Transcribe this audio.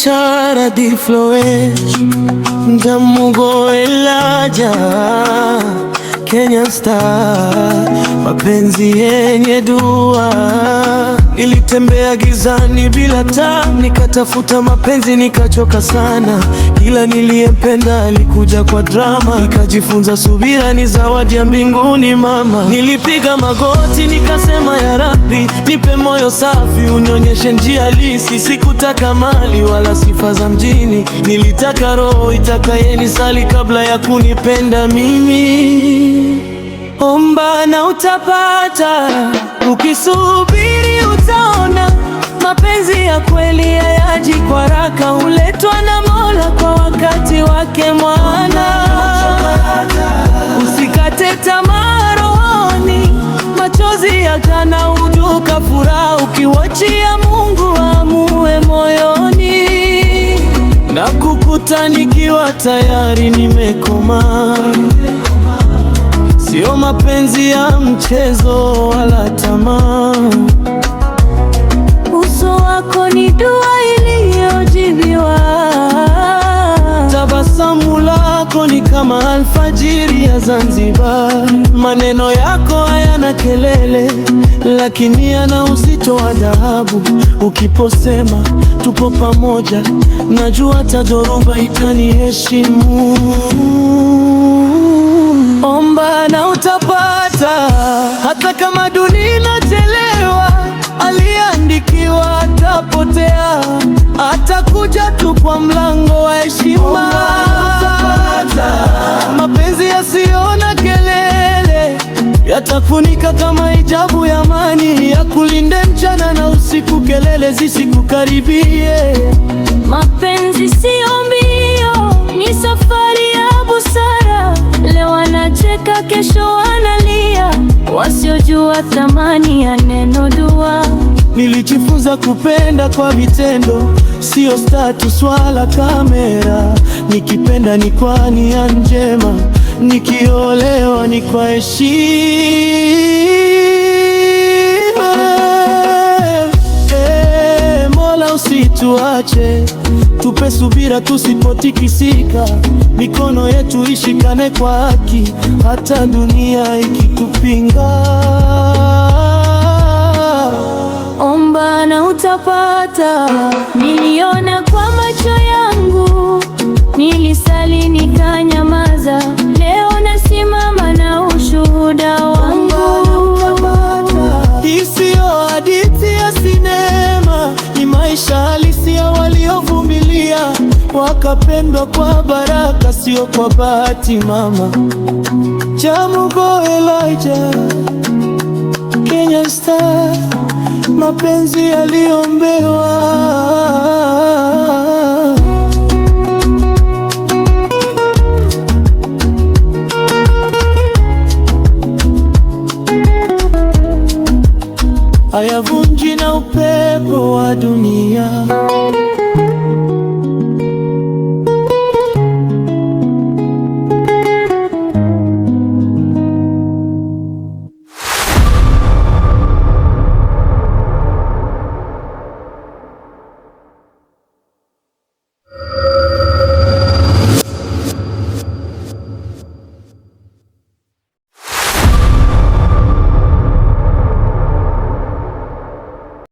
ছাড়া di ফ্লোয়ে জম্মু গোয়েলা Kenya star, mapenzi yenye dua. Nilitembea gizani bila taa, nikatafuta mapenzi nikachoka sana. Kila niliyempenda alikuja kwa drama, nikajifunza subira ni zawadi ya mbinguni mama. Nilipiga magoti nikasema, ya Rabbi nipe moyo safi unyonyeshe njia lisi Sikutaka mali wala sifa za mjini, nilitaka roho itakayeni sali kabla ya kunipenda mimi. Omba na utapata, ukisubiri utaona. Mapenzi ya kweli hayaji kwa haraka, huletwa na Mola kwa wakati wake. Mwana, usikate tamaa rohoni, machozi ya ukiwachia Mungu amue moyoni, na kukuta nikiwa tayari nimekoma. Sio mapenzi ya mchezo wala tamaa. Uso wako ni dua iliyojibiwa wako ni kama alfajiri ya Zanzibar. Maneno yako hayana kelele, lakini yana uzito wa dhahabu. Ukiposema tupo pamoja, najua hata dhoruba itaniheshimu. Omba na utapata, hata kama dunia inachelewa. Aliandikiwa atapotea, atakuja tu kwa mlango wa heshima kupata. Mapenzi yasiyo kelele yatafunika kama hijabu ya amani, ya kulinde mchana na usiku, kelele zisikukaribie. Mapenzi siyo mbio, ni safari ya busara. Leo wanacheka, kesho wanalia, wasiojua thamani ya neno dua. Nilijifunza kupenda kwa vitendo sio status wala kamera. Nikipenda ni kwa nia njema, nikiolewa ni kwa heshima. Hey, eh, Mola usituache, tupe subira, tusipotikisika, mikono yetu ishikane kwa haki, hata dunia ikitupinga nitapata. Niliona kwa macho yangu, nilisali nikanyamaza. Leo nasimama na ushuhuda wangu. Isiyo hadithi ya sinema, ni maisha halisi ya waliovumilia, wakapendwa kwa baraka, sio kwa bahati. Mama Jamugo Elijah, Kenya Star mapenzi yaliombewa hayavunji na upepo wa dunia.